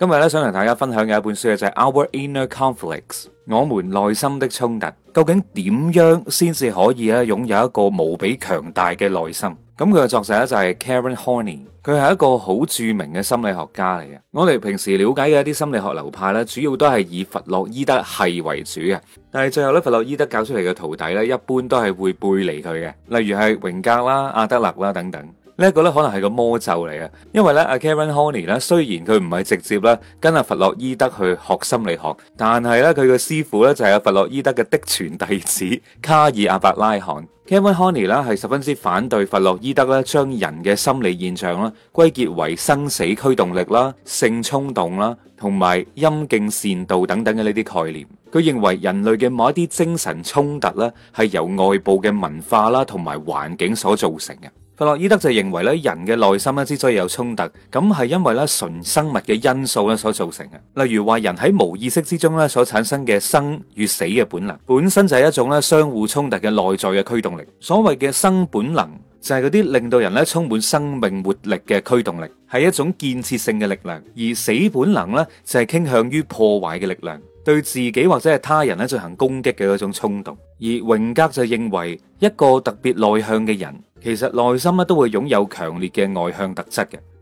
今日咧想同大家分享嘅一本書咧就係 Our Inner Conflicts，我們內心的衝突，究竟點樣先至可以咧擁有一個無比強大嘅內心？咁佢嘅作者咧就係 Karen Horney，佢係一個好著名嘅心理學家嚟嘅。我哋平時了解嘅一啲心理學流派咧，主要都係以弗洛伊德係為主嘅。但係最後咧，弗洛伊德教出嚟嘅徒弟咧，一般都係會背離佢嘅，例如係榮格啦、阿德勒啦等等。呢一個咧，可能係個魔咒嚟嘅，因為咧，阿 Karen Horney 咧，雖然佢唔係直接咧跟阿弗洛伊德去學心理學，但係咧，佢嘅師傅咧就係阿弗洛伊德嘅嫡傳弟子卡爾阿伯拉罕。 Karen Horney 咧係十分之反對弗洛伊德咧，將人嘅心理現象啦，歸結為生死驅動力啦、性衝動啦、同埋陰莖羨妒等等嘅呢啲概念。佢認為人類嘅某一啲精神衝突咧係由外部嘅文化啦同埋環境所造成嘅。弗洛伊德就認為咧，人嘅內心咧之所以有衝突，咁係因為咧純生物嘅因素咧所造成嘅。例如話人喺無意識之中咧所產生嘅生與死嘅本能，本身就係一種咧相互衝突嘅內在嘅驅動力。所謂嘅生本能就係嗰啲令到人咧充滿生命活力嘅驅動力，係一種建設性嘅力量；而死本能咧就係傾向於破壞嘅力量，對自己或者係他人咧進行攻擊嘅嗰種衝動。而榮格就認為一個特別內向嘅人。其實內心呢都會擁有強烈嘅外向特質嘅。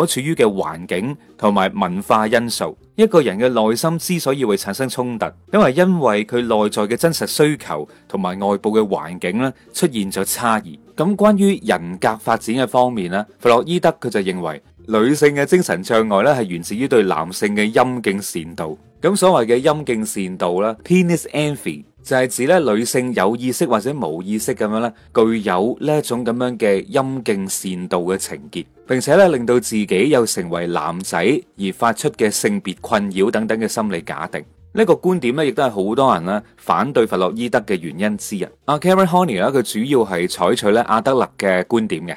所處於嘅環境同埋文化因素，一個人嘅內心之所以會產生衝突，因為因為佢內在嘅真實需求同埋外部嘅環境咧出現咗差異。咁關於人格發展嘅方面咧，弗洛伊德佢就認為女性嘅精神障礙咧係源自於對男性嘅陰莖嫉妒。咁所謂嘅陰莖嫉妒咧，penis envy。就係指咧女性有意識或者冇意識咁樣咧，具有呢一種咁樣嘅陰莖羨妒嘅情結，並且咧令到自己又成為男仔而發出嘅性別困擾等等嘅心理假定。呢、這個觀點咧，亦都係好多人咧反對弗洛伊德嘅原因之一。阿 Karen Honey 咧，佢主要係採取咧阿德勒嘅觀點嘅。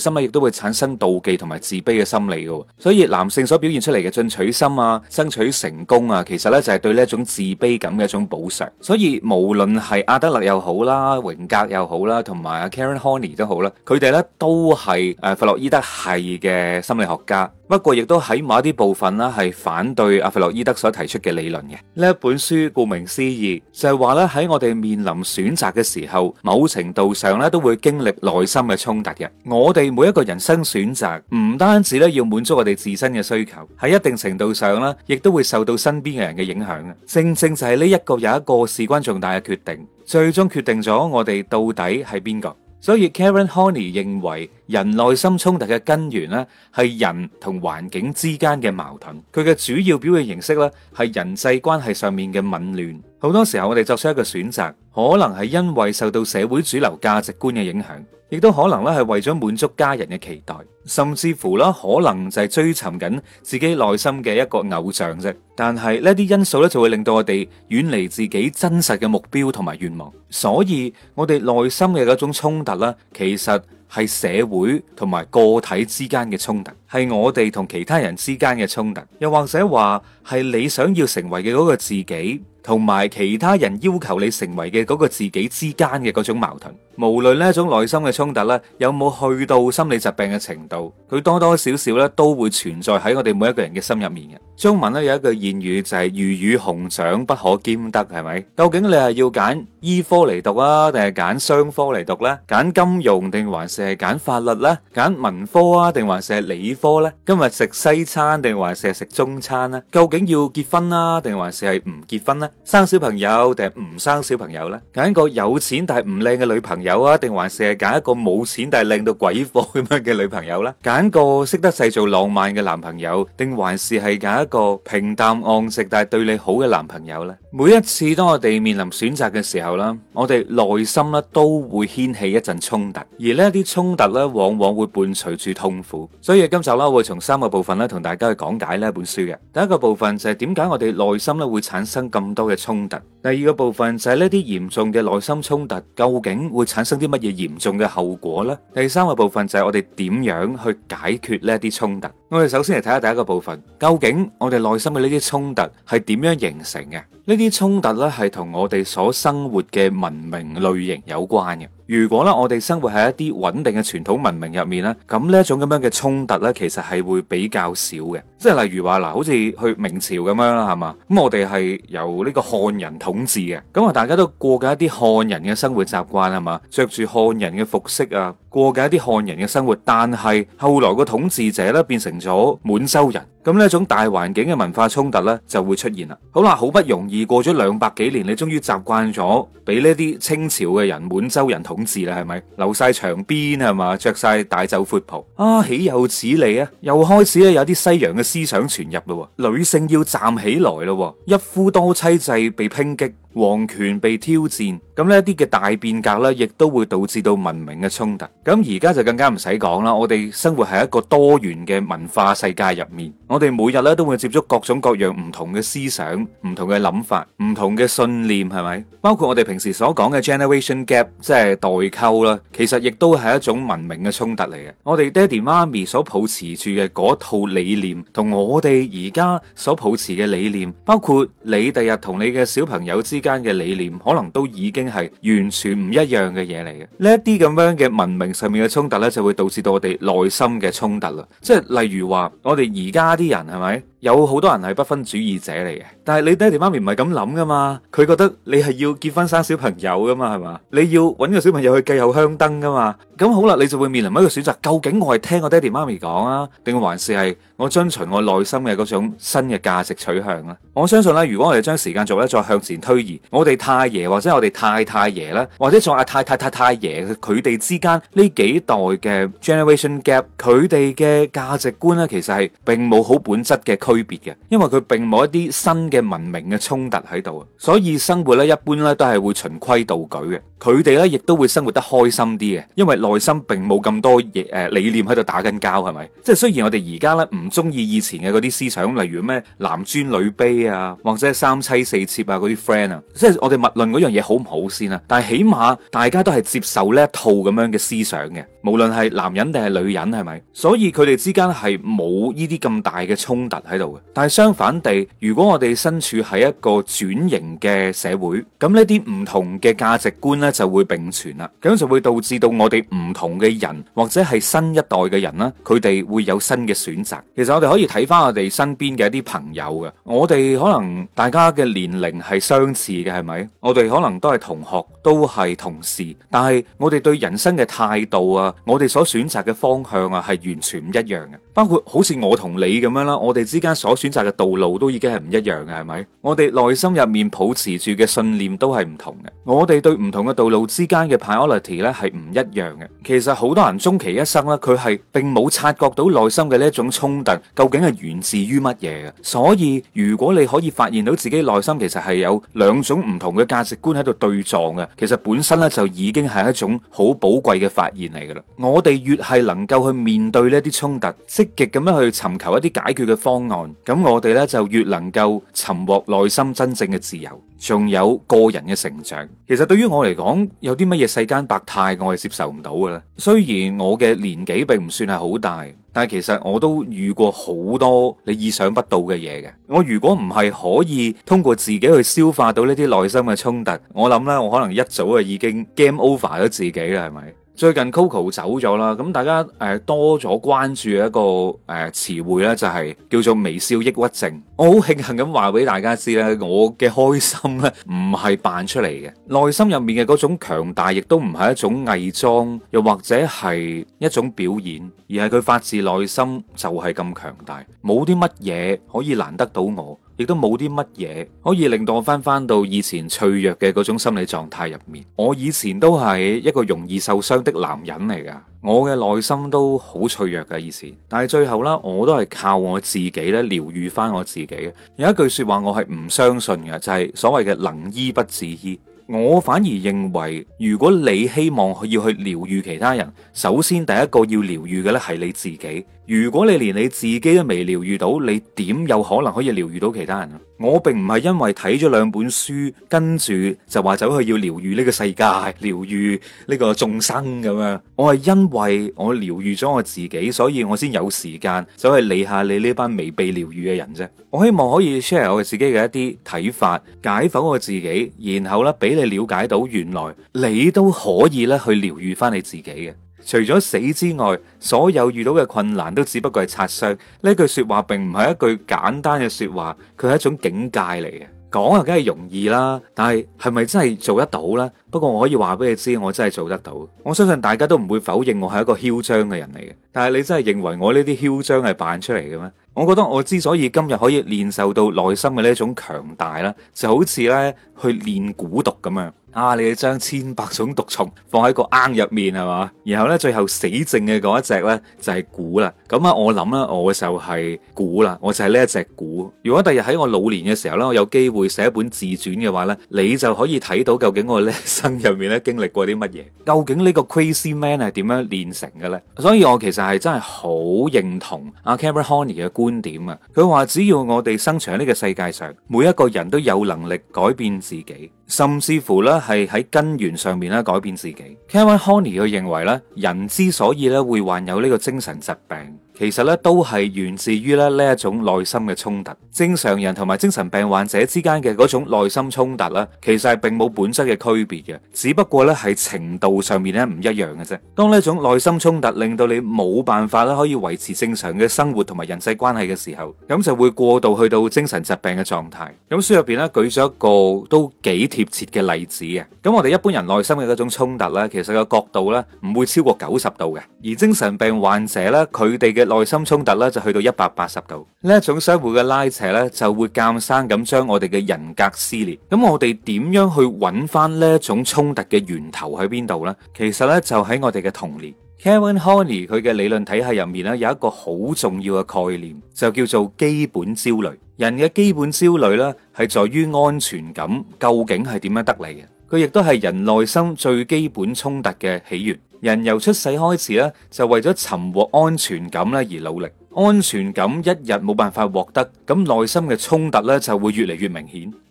心啊，亦都會產生妒忌同埋自卑嘅心理嘅，所以男性所表現出嚟嘅進取心啊、爭取成功啊，其實呢就係、是、對呢一種自卑感嘅一種補償。所以無論係阿德勒又好啦、榮格又好啦，同埋阿 Karen Horney 都好啦，佢哋呢都係誒弗洛伊德系嘅心理學家。不過亦都喺某啲部分啦，係反對阿弗洛伊德所提出嘅理論嘅。呢一本書顧名思義就係話咧，喺我哋面臨選擇嘅時候，某程度上咧都會經歷內心嘅衝突嘅。我哋每一個人生選擇，唔單止咧要滿足我哋自身嘅需求，喺一定程度上咧，亦都會受到身邊嘅人嘅影響。正正就係呢一個又一個事關重大嘅決定，最終決定咗我哋到底係邊個。所以 Karen Horney 認為人內心衝突嘅根源咧，係人同環境之間嘅矛盾。佢嘅主要表現形式咧，係人際關係上面嘅紊亂。好多時候我哋作出一個選擇，可能係因為受到社會主流價值觀嘅影響，亦都可能咧係為咗滿足家人嘅期待，甚至乎啦，可能就係追尋緊自己內心嘅一個偶像啫。但係呢啲因素咧，就會令到我哋遠離自己真實嘅目標同埋願望。所以，我哋內心嘅嗰種衝突咧，其實係社會同埋個體之間嘅衝突，係我哋同其他人之間嘅衝突，又或者話係你想要成為嘅嗰個自己。同埋其他人要求你成為嘅嗰個自己之間嘅嗰種矛盾。無論呢一種內心嘅衝突咧，有冇去到心理疾病嘅程度，佢多多少少咧都會存在喺我哋每一個人嘅心入面嘅。中文咧有一句諺語就係魚與熊掌不可兼得，係咪？究竟你係要揀醫科嚟讀啊，定係揀商科嚟讀咧？揀金融定還是係揀法律咧？揀文科啊，定還是係理科咧？今日食西餐定還是係食中餐咧？究竟要結婚啊，定還是係唔結婚咧？生小朋友定係唔生小朋友咧？揀一個有錢但係唔靚嘅女朋友？有啊？定還是係揀一個冇錢但係靚到鬼火咁樣嘅女朋友咧？揀個識得製造浪漫嘅男朋友，定還是係揀一個平淡安適但係對你好嘅男朋友咧？每一次當我哋面臨選擇嘅時候啦，我哋內心咧都會掀起一陣衝突，而呢一啲衝突咧往往會伴隨住痛苦。所以今集啦會從三個部分咧同大家去講解呢一本書嘅。第一個部分就係點解我哋內心咧會產生咁多嘅衝突？第二個部分就係呢啲嚴重嘅內心衝突究竟會？產生啲乜嘢嚴重嘅後果咧？第三個部分就係我哋點樣去解決呢一啲衝突。我哋首先嚟睇下第一個部分，究竟我哋內心嘅呢啲衝突係點樣形成嘅？呢啲衝突咧係同我哋所生活嘅文明類型有關嘅。如果咧我哋生活喺一啲穩定嘅傳統文明入面咧，咁呢一種咁樣嘅衝突咧，其實係會比較少嘅。即係例如話嗱，好似去明朝咁樣啦，係嘛？咁我哋係由呢個漢人統治嘅，咁啊大家都過緊一啲漢人嘅生活習慣係嘛，着住漢人嘅服飾啊，過緊一啲漢人嘅生活。但係後來個統治者咧變成咗滿洲人，咁呢一種大環境嘅文化衝突呢，就會出現啦。好啦，好不容易過咗兩百幾年，你終於習慣咗俾呢啲清朝嘅人滿洲人統治啦，係咪？留晒長辮係嘛，着晒大袖闊袍啊！豈有此理啊！又開始咧有啲西洋嘅思想傳入啦，女性要站起來啦，一夫多妻制被抨擊。王權被挑戰，咁呢一啲嘅大變革呢，亦都會導致到文明嘅衝突。咁而家就更加唔使講啦，我哋生活喺一個多元嘅文化世界入面，我哋每日呢都會接觸各種各樣唔同嘅思想、唔同嘅諗法、唔同嘅信念，係咪？包括我哋平時所講嘅 generation gap，即係代溝啦，其實亦都係一種文明嘅衝突嚟嘅。我哋爹哋媽咪所抱持住嘅嗰套理念，同我哋而家所抱持嘅理念，包括你第日同你嘅小朋友之間嘅理念可能都已經係完全唔一樣嘅嘢嚟嘅。呢一啲咁樣嘅文明上面嘅衝突呢，就會導致到我哋內心嘅衝突啦。即係例如話，我哋而家啲人係咪？有好多人係不婚主義者嚟嘅，但係你爹哋媽咪唔係咁諗噶嘛？佢覺得你係要結婚生小朋友噶嘛？係嘛？你要揾個小朋友去繼後香燈噶嘛？咁好啦，你就會面臨一個選擇：究竟我係聽我爹哋媽咪講啊，定還是係我遵循我內心嘅嗰種新嘅價值取向咧？我相信咧，如果我哋將時間做咧再向前推移，我哋太爺或者我哋太太爺啦，或者仲有太太太太爺佢哋之間呢幾代嘅 generation gap，佢哋嘅價值觀咧，其實係並冇好本質嘅。區別嘅，因為佢並冇一啲新嘅文明嘅衝突喺度，所以生活咧一般咧都係會循規蹈矩嘅。佢哋咧亦都會生活得開心啲嘅，因為內心並冇咁多嘢誒理念喺度打緊交，係咪？即係雖然我哋而家咧唔中意以前嘅嗰啲思想，例如咩男尊女卑啊，或者三妻四妾啊嗰啲 friend 啊，即係我哋勿論嗰樣嘢好唔好先啊，但係起碼大家都係接受呢一套咁樣嘅思想嘅，無論係男人定係女人，係咪？所以佢哋之間係冇呢啲咁大嘅衝突喺。但係相反地，如果我哋身處喺一個轉型嘅社會，咁呢啲唔同嘅價值觀咧就會並存啦，咁就會導致到我哋唔同嘅人或者係新一代嘅人啦，佢哋會有新嘅選擇。其實我哋可以睇返我哋身邊嘅一啲朋友嘅，我哋可能大家嘅年齡係相似嘅，係咪？我哋可能都係同學，都係同事，但係我哋對人生嘅態度啊，我哋所選擇嘅方向啊，係完全唔一樣嘅。包括好似我同你咁樣啦，我哋之間所選擇嘅道路都已經係唔一樣嘅，係咪？我哋內心入面保持住嘅信念都係唔同嘅，我哋對唔同嘅道路之間嘅 priority 咧係唔一樣嘅。其實好多人終其一生咧，佢係並冇察覺到內心嘅呢一種衝突究竟係源自於乜嘢嘅。所以如果你可以發現到自己內心其實係有兩種唔同嘅價值觀喺度對撞嘅，其實本身咧就已經係一種好寶貴嘅發現嚟噶啦。我哋越係能夠去面對呢啲衝突，積極咁樣去尋求一啲解決嘅方案，咁我哋呢就越能夠尋獲內心真正嘅自由，仲有個人嘅成長。其實對於我嚟講，有啲乜嘢世間百態我係接受唔到嘅咧。雖然我嘅年紀並唔算係好大，但係其實我都遇過好多你意想不到嘅嘢嘅。我如果唔係可以通過自己去消化到呢啲內心嘅衝突，我諗呢，我可能一早就已經 game over 咗自己啦，係咪？最近 Coco 走咗啦，咁大家誒多咗關注一個誒詞彙，咧，就係叫做微笑抑鬱症。我好慶幸咁話俾大家知咧，我嘅開心咧唔係扮出嚟嘅，內心入面嘅嗰種強大亦都唔係一種偽裝，又或者係一種表演，而係佢發自內心就係咁強大，冇啲乜嘢可以難得到我。亦都冇啲乜嘢可以令到我翻翻到以前脆弱嘅嗰種心理狀態入面。我以前都係一個容易受傷的男人嚟噶，我嘅內心都好脆弱嘅以前。但係最後啦，我都係靠我自己咧療愈翻我自己。有一句說話我係唔相信嘅，就係所謂嘅能醫不自醫。我反而認為，如果你希望要去療愈其他人，首先第一個要療愈嘅咧係你自己。如果你連你自己都未療愈到，你點有可能可以療愈到其他人啊？我並唔係因為睇咗兩本書，跟住就話走去要療愈呢個世界，療愈呢個眾生咁樣。我係因為我療愈咗我自己，所以我先有時間走去理下你呢班未被療愈嘅人啫。我希望可以 share 我自己嘅一啲睇法，解剖我自己，然後咧俾你了解到，原來你都可以咧去療愈翻你自己嘅。除咗死之外，所有遇到嘅困難都只不過係擦傷。呢句說話並唔係一句簡單嘅說話，佢係一種境界嚟嘅。講啊，梗係容易啦，但係係咪真係做得到呢？不過我可以話俾你知，我真係做得到。我相信大家都唔會否認我係一個囂張嘅人嚟嘅。但係你真係認為我呢啲囂張係扮出嚟嘅咩？我覺得我之所以今日可以練受到內心嘅呢一種強大咧，就好似呢去練蠱毒咁樣。啊，你將千百種毒蟲放喺個罌入面係嘛，然後呢，最後死剩嘅嗰一隻呢就係、是、蠱啦。咁、嗯、啊，我諗呢，我就係蠱啦，我就係呢一隻蠱。如果第日喺我老年嘅時候呢，我有機會寫一本自傳嘅話呢，你就可以睇到究竟我呢生入面呢經歷過啲乜嘢，究竟呢個 crazy man 係點樣練成嘅呢？所以我其實係真係好認同阿、啊、Karen Horney 嘅觀點啊，佢話只要我哋生存呢個世界上，每一個人都有能力改變自己，甚至乎咧係喺根源上面咧改變自己。Karen Horney 佢認為咧，人之所以咧會患有呢個精神疾病。其實咧都係源自於咧呢一種內心嘅衝突，正常人同埋精神病患者之間嘅嗰種內心衝突啦，其實係並冇本質嘅區別嘅，只不過咧係程度上面咧唔一樣嘅啫。當呢一種內心衝突令到你冇辦法咧可以維持正常嘅生活同埋人際關係嘅時候，咁就會過度去到精神疾病嘅狀態。咁書入邊咧舉咗一個都幾貼切嘅例子嘅。咁我哋一般人內心嘅嗰種衝突咧，其實個角度咧唔會超過九十度嘅，而精神病患者咧佢哋嘅。內心衝突咧就去到一百八十度，呢一種社會嘅拉扯咧，就會監生咁將我哋嘅人格撕裂。咁我哋點樣去揾翻呢一種衝突嘅源頭喺邊度呢？其實呢，就喺我哋嘅童年。Karen Honey 佢嘅理論體系入面咧有一個好重要嘅概念，就叫做基本焦慮。人嘅基本焦慮呢，係在於安全感究竟係點樣得嚟嘅。佢亦都係人內心最基本衝突嘅起源。人由出世開始咧，就為咗尋獲安全感咧而努力。安全感一日冇辦法獲得，咁內心嘅衝突咧就會越嚟越明顯。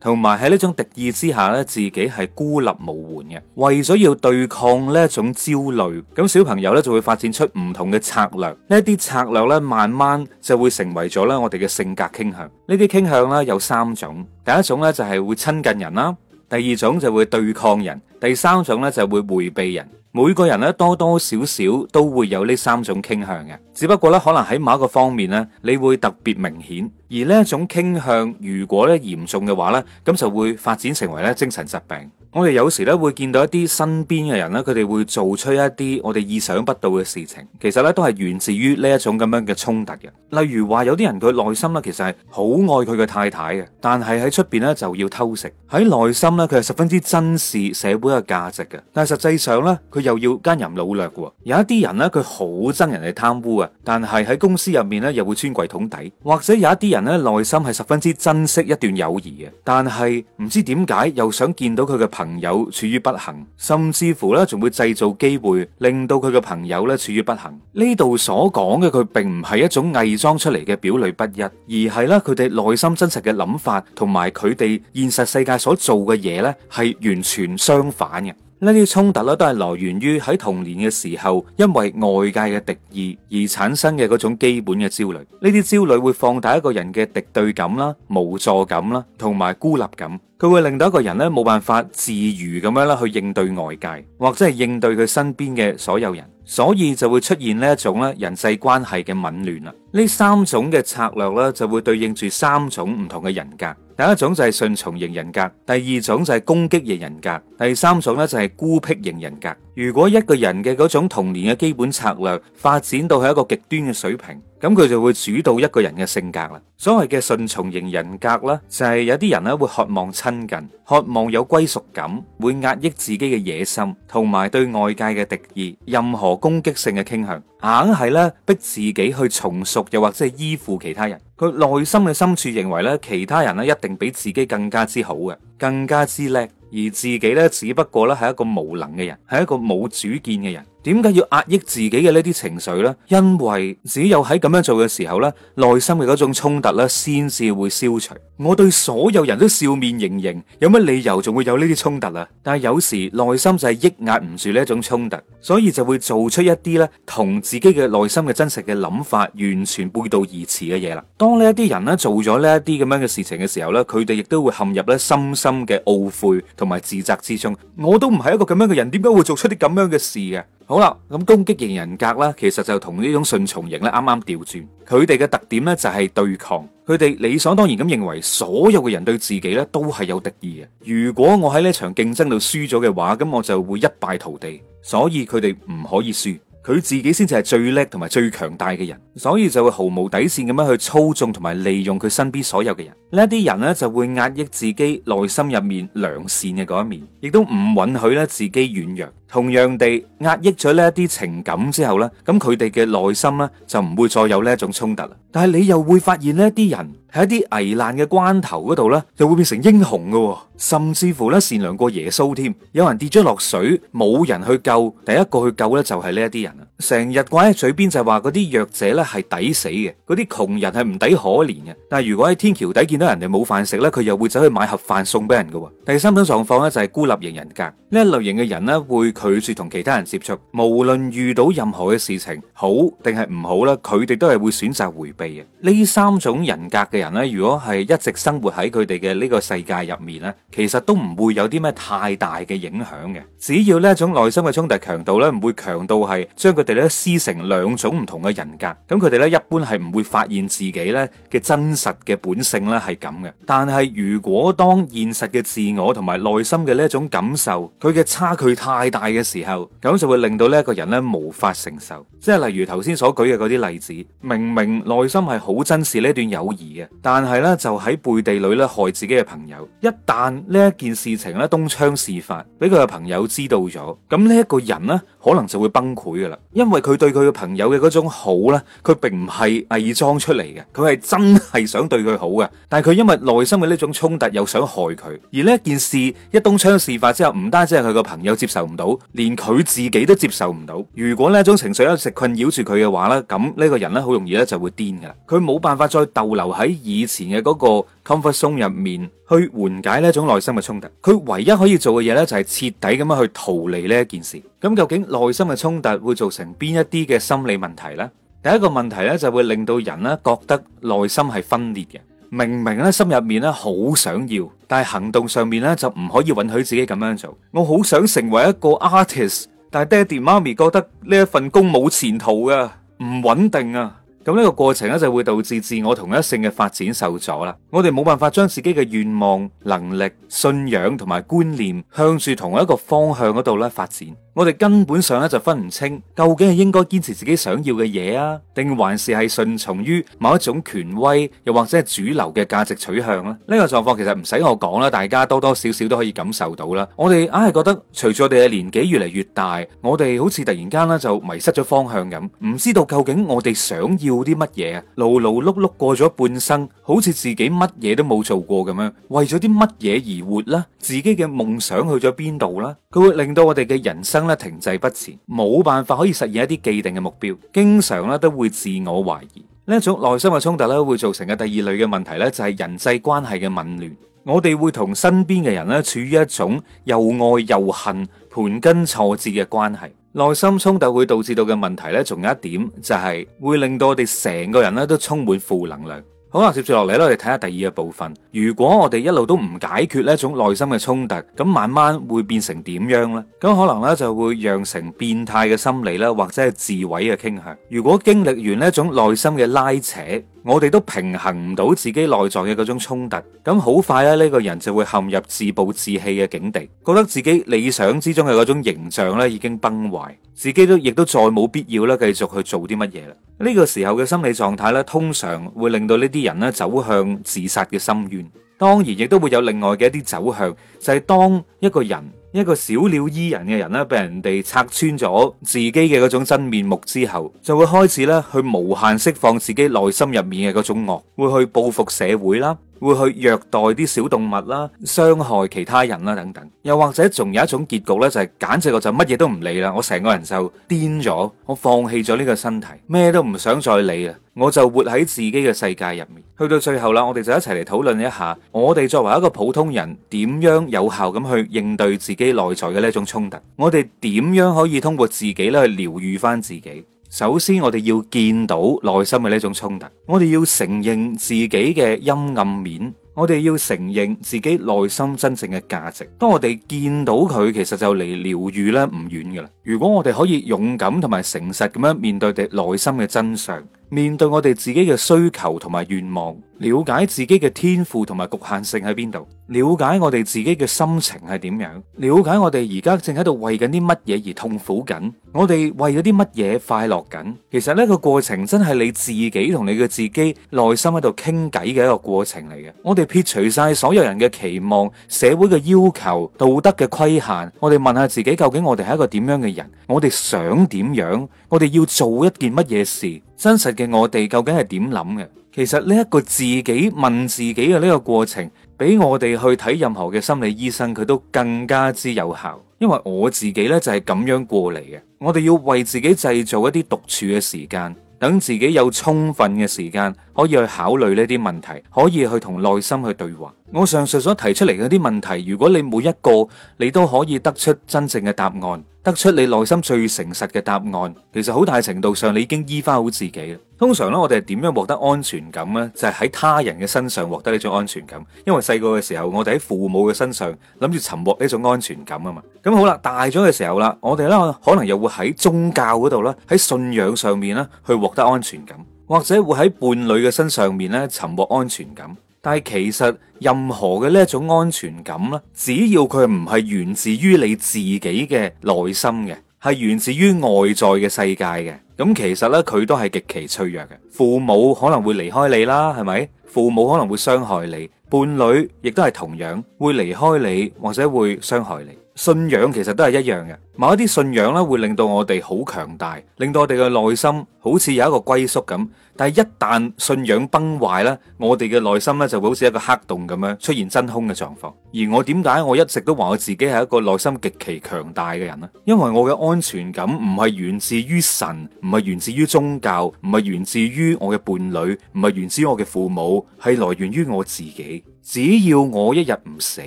同埋喺呢種敵意之下呢，自己係孤立無援嘅。為咗要對抗呢一種焦慮，咁小朋友呢就會發展出唔同嘅策略。呢啲策略呢，慢慢就會成為咗呢我哋嘅性格傾向。呢啲傾向呢，有三種，第一種呢，就係會親近人啦，第二種就會對抗人，第三種呢，就會回避人。每個人咧多多少少都會有呢三種傾向嘅，只不過咧可能喺某一個方面咧你會特別明顯，而呢一種傾向如果咧嚴重嘅話咧，咁就會發展成為咧精神疾病。我哋有時咧會見到一啲身邊嘅人咧，佢哋會做出一啲我哋意想不到嘅事情。其實咧都係源自於呢一種咁樣嘅衝突嘅。例如話有啲人佢內心咧其實係好愛佢嘅太太嘅，但係喺出邊咧就要偷食。喺內心咧佢係十分之珍視社會嘅價值嘅，但係實際上咧佢又要奸淫老掠奸淫擄掠喎。有一啲人咧佢好憎人哋貪污啊，但係喺公司入面咧又會穿櫃桶底。或者有一啲人咧內心係十分之珍惜一段友誼嘅，但係唔知點解又想見到佢嘅朋友處於不幸，甚至乎呢仲會製造機會令到佢嘅朋友呢處於不幸。呢度所講嘅佢，並唔係一種偽裝出嚟嘅表裏不一，而係咧佢哋內心真實嘅諗法，同埋佢哋現實世界所做嘅嘢，呢係完全相反嘅。呢啲衝突咧都係來源於喺童年嘅時候，因為外界嘅敵意而產生嘅嗰種基本嘅焦慮。呢啲焦慮會放大一個人嘅敵對感啦、無助感啦，同埋孤立感。佢會令到一個人咧冇辦法自如咁樣啦去應對外界，或者係應對佢身邊嘅所有人。所以就會出現呢一種咧人際關係嘅紊亂啦。呢三種嘅策略咧就會對應住三種唔同嘅人格。第一種就係順從型人格，第二種就係攻擊型人格，第三種咧就係孤僻型人格。如果一個人嘅嗰種童年嘅基本策略發展到係一個極端嘅水平，咁佢就會主導一個人嘅性格啦。所謂嘅順從型人格啦，就係有啲人咧會渴望親近，渴望有歸屬感，會壓抑自己嘅野心，同埋對外界嘅敵意，任何攻擊性嘅傾向，硬係咧逼自己去從屬，又或者係依附其他人。佢內心嘅深處認為咧，其他人咧一定比自己更加之好嘅，更加之叻。而自己咧，只不過咧係一個無能嘅人，係一個冇主見嘅人。點解要壓抑自己嘅呢啲情緒呢？因為只有喺咁樣做嘅時候咧，內心嘅嗰種衝突咧，先至會消除。我對所有人都笑面盈盈，有乜理由仲會有呢啲衝突啊？但係有時內心就係抑壓唔住呢一種衝突，所以就會做出一啲呢同自己嘅內心嘅真實嘅諗法完全背道而馳嘅嘢啦。當呢一啲人咧做咗呢一啲咁樣嘅事情嘅時候呢，佢哋亦都會陷入呢深深嘅懊悔同埋自責之中。我都唔係一個咁樣嘅人，點解會做出啲咁樣嘅事嘅？好啦，咁攻擊型人格咧，其實就同呢種順從型咧，啱啱調轉。佢哋嘅特點咧就係對抗，佢哋理所當然咁認為所有嘅人對自己咧都係有敵意嘅。如果我喺呢場競爭度輸咗嘅話，咁我就會一敗塗地，所以佢哋唔可以輸。佢自己先至係最叻同埋最強大嘅人，所以就會毫無底線咁樣去操縱同埋利用佢身邊所有嘅人。呢啲人呢，就會壓抑自己內心入面良善嘅嗰一面，亦都唔允許咧自己軟弱。同樣地壓抑咗呢一啲情感之後呢，咁佢哋嘅內心呢，就唔會再有呢一種衝突啦。但係你又會發現呢啲人。喺一啲危難嘅關頭嗰度咧，就會變成英雄噶喎，甚至乎咧善良過耶穌添。有人跌咗落水，冇人去救，第一個去救咧就係呢一啲人啊！成日掛喺嘴邊就係話嗰啲弱者咧係抵死嘅，嗰啲窮人係唔抵可憐嘅。但係如果喺天橋底見到人哋冇飯食咧，佢又會走去買盒飯送俾人噶。第三種狀況咧就係孤立型人格，呢一類型嘅人咧會拒絕同其他人接觸，無論遇到任何嘅事情好定係唔好咧，佢哋都係會選擇回避嘅。呢三種人格嘅。人咧，如果係一直生活喺佢哋嘅呢個世界入面咧，其實都唔會有啲咩太大嘅影響嘅。只要呢一種內心嘅衝突強度咧，唔會強到係將佢哋咧撕成兩種唔同嘅人格。咁佢哋咧一般係唔會發現自己咧嘅真實嘅本性咧係咁嘅。但係如果當現實嘅自我同埋內心嘅呢一種感受，佢嘅差距太大嘅時候，咁就會令到呢一個人咧無法承受。即係例如頭先所舉嘅嗰啲例子，明明內心係好珍視呢段友誼嘅。但係咧，就喺背地裏咧害自己嘅朋友。一旦呢一件事情咧東窗事發，俾佢嘅朋友知道咗，咁呢一個人呢，可能就會崩潰噶啦。因為佢對佢嘅朋友嘅嗰種好呢，佢並唔係偽裝出嚟嘅，佢係真係想對佢好嘅。但係佢因為內心嘅呢種衝突，又想害佢。而呢件事一東窗事發之後，唔單止係佢個朋友接受唔到，連佢自己都接受唔到。如果呢一種情緒一直困擾住佢嘅話呢，咁呢個人呢，好容易咧就會癲噶啦。佢冇辦法再逗留喺以前嘅嗰個 comfort zone 入面，去緩解呢一種內心嘅衝突。佢唯一可以做嘅嘢呢，就係徹底咁樣去逃離呢一件事。咁究竟內心嘅衝突會造成邊一啲嘅心理問題呢？第一個問題呢，就會令到人呢覺得內心係分裂嘅。明明呢心入面呢好想要，但係行動上面呢就唔可以允許自己咁樣做。我好想成為一個 artist，但係爹地媽咪覺得呢一份工冇前途啊，唔穩定啊。咁呢個過程咧，就會導致自我同一性嘅發展受阻啦。我哋冇辦法將自己嘅願望、能力、信仰同埋觀念向住同一個方向嗰度咧發展。我哋根本上咧就分唔清，究竟係應該堅持自己想要嘅嘢啊，定還是係順從於某一種權威，又或者係主流嘅價值取向咧？呢個狀況其實唔使我講啦，大家多多少少都可以感受到啦。我哋硬係覺得，隨住我哋嘅年紀越嚟越大，我哋好似突然間咧就迷失咗方向咁，唔知道究竟我哋想要啲乜嘢啊。勞勞碌碌過咗半生，好似自己乜嘢都冇做過咁樣，為咗啲乜嘢而活啦？自己嘅夢想去咗邊度啦？佢會令到我哋嘅人生咧停滯不前，冇辦法可以實現一啲既定嘅目標，經常咧都會自我懷疑。呢一種內心嘅衝突咧，會造成嘅第二類嘅問題咧，就係人際關係嘅紊亂。我哋會同身邊嘅人咧，處於一種又愛又恨、盤根錯節嘅關係。內心衝突會導致到嘅問題咧，仲有一點就係會令到我哋成個人咧都充滿負能量。好啦，接住落嚟咧，我哋睇下第二個部分。如果我哋一路都唔解決呢一種內心嘅衝突，咁慢慢會變成點樣呢？咁可能咧就會釀成變態嘅心理啦，或者係自毀嘅傾向。如果經歷完呢一種內心嘅拉扯。我哋都平衡唔到自己內在嘅嗰種衝突，咁好快咧呢個人就會陷入自暴自棄嘅境地，覺得自己理想之中嘅嗰種形象咧已經崩壞，自己都亦都再冇必要咧繼續去做啲乜嘢啦。呢個時候嘅心理狀態咧，通常會令到呢啲人呢走向自殺嘅深淵。當然亦都會有另外嘅一啲走向，就係當一個人。一個小鳥依人嘅人咧，被人哋拆穿咗自己嘅嗰種真面目之後，就會開始咧去無限釋放自己內心入面嘅嗰種惡，會去報復社會啦。會去虐待啲小動物啦，傷害其他人啦，等等。又或者仲有一種結局呢，就係簡直我就乜嘢都唔理啦，我成個人就癲咗，我放棄咗呢個身體，咩都唔想再理啊，我就活喺自己嘅世界入面。去到最後啦，我哋就一齊嚟討論一下，我哋作為一個普通人，點樣有效咁去應對自己內在嘅呢一種衝突？我哋點樣可以通過自己咧去療愈翻自己？首先，我哋要見到內心嘅呢種衝突，我哋要承認自己嘅陰暗面，我哋要承認自己內心真正嘅價值。當我哋見到佢，其實就離療愈咧唔遠㗎喇。如果我哋可以勇敢同埋誠實咁樣面對哋內心嘅真相。面對我哋自己嘅需求同埋願望，了解自己嘅天賦同埋局限性喺邊度，了解我哋自己嘅心情係點樣，了解我哋而家正喺度為緊啲乜嘢而痛苦緊，我哋為咗啲乜嘢快樂緊。其實呢個過程真係你自己同你嘅自己內心喺度傾偈嘅一個過程嚟嘅。我哋撇除晒所有人嘅期望、社會嘅要求、道德嘅規限，我哋問下自己究竟我哋係一個點樣嘅人？我哋想點樣？我哋要做一件乜嘢事？真實嘅我哋究竟係點諗嘅？其實呢一個自己問自己嘅呢個過程，比我哋去睇任何嘅心理醫生，佢都更加之有效。因為我自己呢，就係咁樣過嚟嘅。我哋要為自己製造一啲獨處嘅時間，等自己有充分嘅時間。可以去考慮呢啲問題，可以去同內心去對話。我上述所提出嚟嗰啲問題，如果你每一個你都可以得出真正嘅答案，得出你內心最誠實嘅答案，其實好大程度上你已經醫返好自己啦。通常咧，我哋係點樣獲得安全感呢？就係喺他人嘅身上獲得呢種安全感。因為細個嘅時候，我哋喺父母嘅身上諗住尋獲呢種安全感啊嘛。咁好啦，大咗嘅時候啦，我哋咧可能又會喺宗教嗰度咧，喺信仰上面咧去獲得安全感。或者會喺伴侶嘅身上面咧尋獲安全感，但係其實任何嘅呢一種安全感咧，只要佢唔係源自於你自己嘅內心嘅，係源自於外在嘅世界嘅，咁其實呢，佢都係極其脆弱嘅。父母可能會離開你啦，係咪？父母可能會傷害你，伴侶亦都係同樣會離開你或者會傷害你。信仰其實都係一樣嘅，某一啲信仰咧會令到我哋好強大，令到我哋嘅內心好似有一個歸宿咁。但係一旦信仰崩壞咧，我哋嘅內心咧就會好似一個黑洞咁樣出現真空嘅狀況。而我點解我一直都話我自己係一個內心極其強大嘅人呢？因為我嘅安全感唔係源自於神，唔係源自於宗教，唔係源自於我嘅伴侶，唔係源自於我嘅父母，係來源於我自己。只要我一日唔死。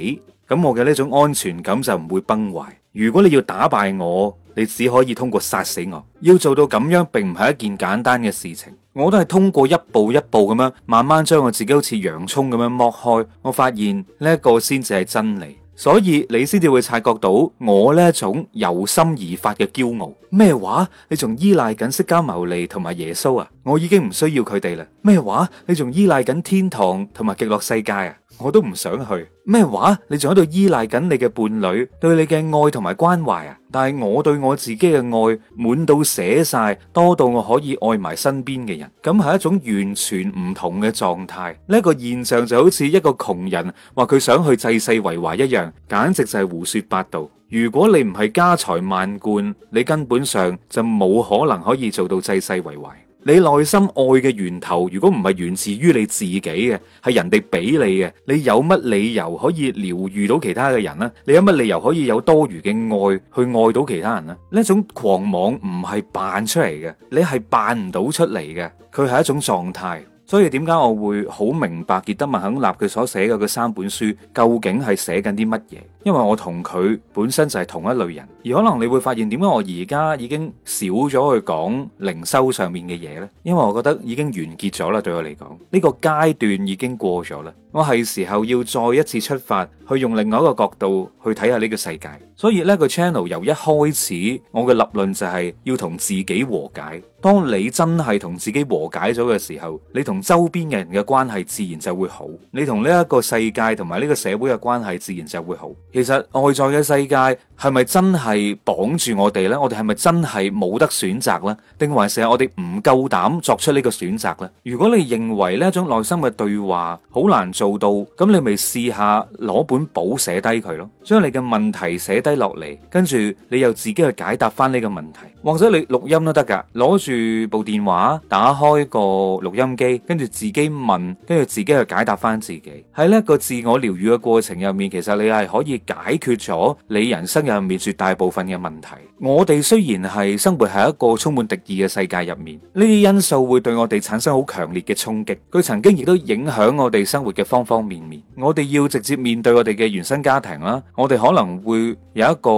咁我嘅呢種安全感就唔會崩壞。如果你要打敗我，你只可以通過殺死我。要做到咁樣，並唔係一件簡單嘅事情。我都係通過一步一步咁樣，慢慢將我自己好似洋蔥咁樣剝開。我發現呢一個先至係真理，所以你先至會察覺到我呢一種由心而發嘅驕傲。咩話？你仲依賴緊釋迦牟尼同埋耶穌啊？我已經唔需要佢哋啦。咩話？你仲依賴緊天堂同埋極樂世界啊？我都唔想去。咩話？你仲喺度依賴緊你嘅伴侶對你嘅愛同埋關懷啊！但係我對我自己嘅愛滿到瀉晒，多到我可以愛埋身邊嘅人，咁係一種完全唔同嘅狀態。呢個現象就好似一個窮人話佢想去濟世為懷一樣，簡直就係胡說八道。如果你唔係家財萬貫，你根本上就冇可能可以做到濟世為懷。你內心愛嘅源頭，如果唔係源自於你自己嘅，係人哋俾你嘅，你有乜理由可以療癒到其他嘅人呢？你有乜理由可以有多餘嘅愛去愛到其他人呢？呢一種狂妄唔係扮出嚟嘅，你係扮唔到出嚟嘅，佢係一種狀態。所以點解我會好明白傑德麥肯納佢所寫嘅嗰三本書究竟係寫緊啲乜嘢？因為我同佢本身就係同一類人，而可能你會發現點解我而家已經少咗去講靈修上面嘅嘢呢？因為我覺得已經完結咗啦，對我嚟講，呢個階段已經過咗啦。我係時候要再一次出發，去用另外一個角度去睇下呢個世界。所以呢個 channel 由一開始我嘅立論就係要同自己和解。當你真係同自己和解咗嘅時候，你同周邊嘅人嘅關係自然就會好，你同呢一個世界同埋呢個社會嘅關係自然就會好。其實外在嘅世界係咪真係綁住我哋呢？我哋係咪真係冇得選擇呢？定還是我哋唔夠膽作出呢個選擇呢？如果你認為呢一種內心嘅對話好難做到，咁你咪試下攞本簿寫低佢咯，將你嘅問題寫低落嚟，跟住你又自己去解答翻呢個問題，或者你錄音都得㗎，攞住部電話打開個錄音機，跟住自己問，跟住自己去解答翻自己。喺呢一個自我療癒嘅過程入面，其實你係可以。解決咗你人生入面絕大部分嘅問題。我哋雖然係生活喺一個充滿敵意嘅世界入面，呢啲因素會對我哋產生好強烈嘅衝擊。佢曾經亦都影響我哋生活嘅方方面面。我哋要直接面對我哋嘅原生家庭啦，我哋可能會有一個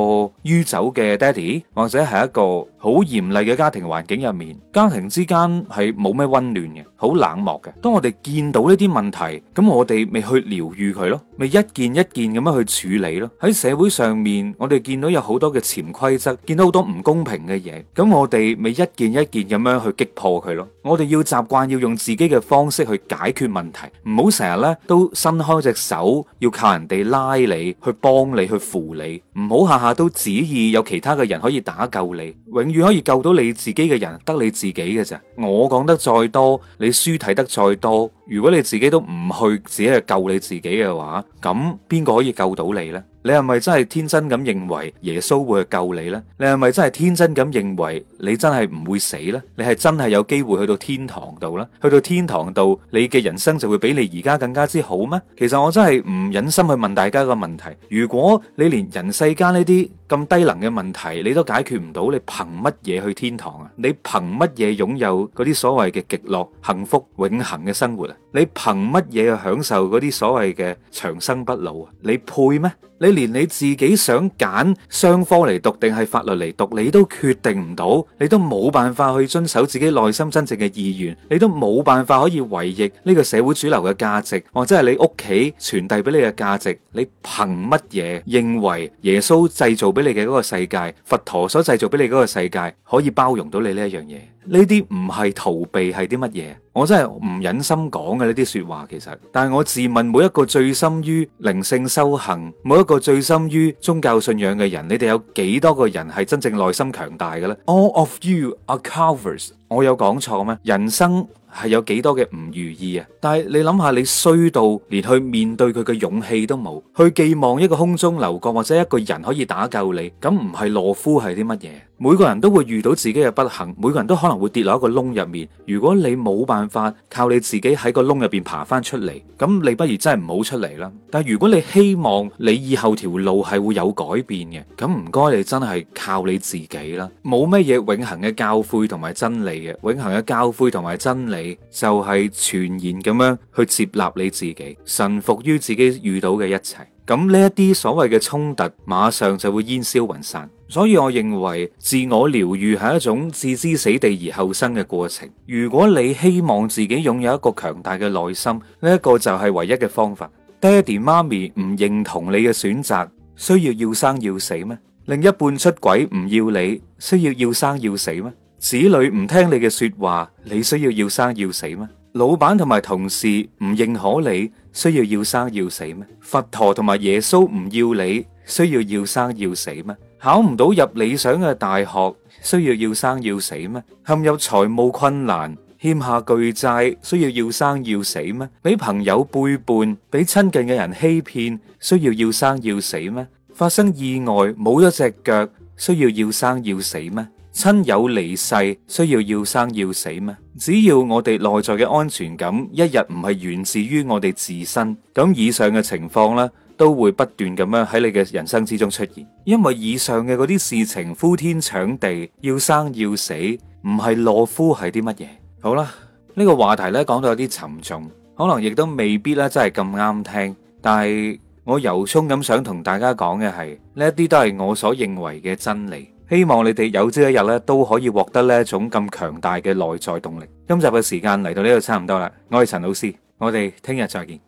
酗酒嘅爹哋，或者係一個。好嚴厲嘅家庭環境入面，家庭之間係冇咩溫暖嘅，好冷漠嘅。當我哋見到呢啲問題，咁我哋咪去療愈佢咯，咪一件一件咁樣去處理咯。喺社會上面，我哋見到有好多嘅潛規則，見到好多唔公平嘅嘢，咁我哋咪一件一件咁樣去擊破佢咯。我哋要習慣要用自己嘅方式去解決問題，唔好成日咧都伸開隻手要靠人哋拉你去幫你去扶你，唔好下下都指意有其他嘅人可以打救你，永。越可以救到你自己嘅人，得你自己嘅啫。我講得再多，你書睇得再多。如果你自己都唔去自己去救你自己嘅話，咁邊個可以救到你咧？你係咪真係天真咁認為耶穌會去救你咧？你係咪真係天真咁認為你真係唔會死咧？你係真係有機會去到天堂度咧？去到天堂度，你嘅人生就會比你而家更加之好咩？其實我真係唔忍心去問大家個問題：如果你連人世間呢啲咁低能嘅問題你都解決唔到，你憑乜嘢去天堂啊？你憑乜嘢擁有嗰啲所謂嘅極樂、幸福、永恆嘅生活啊？你憑乜嘢去享受嗰啲所謂嘅長生不老啊？你配咩？你連你自己想揀商科嚟讀定係法律嚟讀，你都決定唔到，你都冇辦法去遵守自己內心真正嘅意願，你都冇辦法可以違逆呢個社會主流嘅價值，或者係你屋企傳遞俾你嘅價值，你憑乜嘢認為耶穌製造俾你嘅嗰個世界，佛陀所製造俾你嗰個世界可以包容到你呢一樣嘢？呢啲唔係逃避，係啲乜嘢？我真係唔忍心講嘅呢啲說話，其實，但係我自問每一個醉心於靈性修行，每一。一個最深於宗教信仰嘅人，你哋有幾多個人係真正內心強大嘅咧？All of you are cowards. 我有講錯咩？人生。係有幾多嘅唔如意啊！但係你諗下，你衰到連去面對佢嘅勇氣都冇，去寄望一個空中樓閣或者一個人可以打救你，咁唔係懦夫係啲乜嘢？每個人都會遇到自己嘅不幸，每個人都可能會跌落一個窿入面。如果你冇辦法靠你自己喺個窿入邊爬翻出嚟，咁你不如真係唔好出嚟啦。但係如果你希望你以後條路係會有改變嘅，咁唔該你真係靠你自己啦。冇乜嘢永恆嘅教誨同埋真理嘅，永恆嘅教誨同埋真理。就係全然咁樣去接納你自己，臣服於自己遇到嘅一切。咁呢一啲所謂嘅衝突，馬上就會煙消雲散。所以我認為自我療愈係一種置之死地而後生嘅過程。如果你希望自己擁有一個強大嘅內心，呢一個就係唯一嘅方法。爹地媽咪唔認同你嘅選擇，需要要生要死咩？另一半出軌唔要你，需要要生要死咩？子女唔聽你嘅說話，你需要要生要死咩？老闆同埋同事唔認可你，需要要生要死咩？佛陀同埋耶穌唔要你，需要要生要死咩？考唔到入理想嘅大學，需要要生要死咩？陷入財務困難，欠下巨債，需要要生要死咩？俾朋友背叛，俾親近嘅人欺騙，需要要生要死咩？發生意外，冇一隻腳，需要要生要死咩？親友離世，需要要生要死咩？只要我哋內在嘅安全感一日唔係源自於我哋自身，咁以上嘅情況咧都會不斷咁樣喺你嘅人生之中出現。因為以上嘅嗰啲事情，呼天搶地，要生要死，唔係懦夫係啲乜嘢？好啦，呢個話題咧講到有啲沉重，可能亦都未必咧真係咁啱聽。但係我由衷咁想同大家講嘅係，呢一啲都係我所認為嘅真理。希望你哋有朝一日咧都可以獲得呢一種咁強大嘅內在動力。今集嘅時間嚟到呢度差唔多啦，我係陳老師，我哋聽日再見。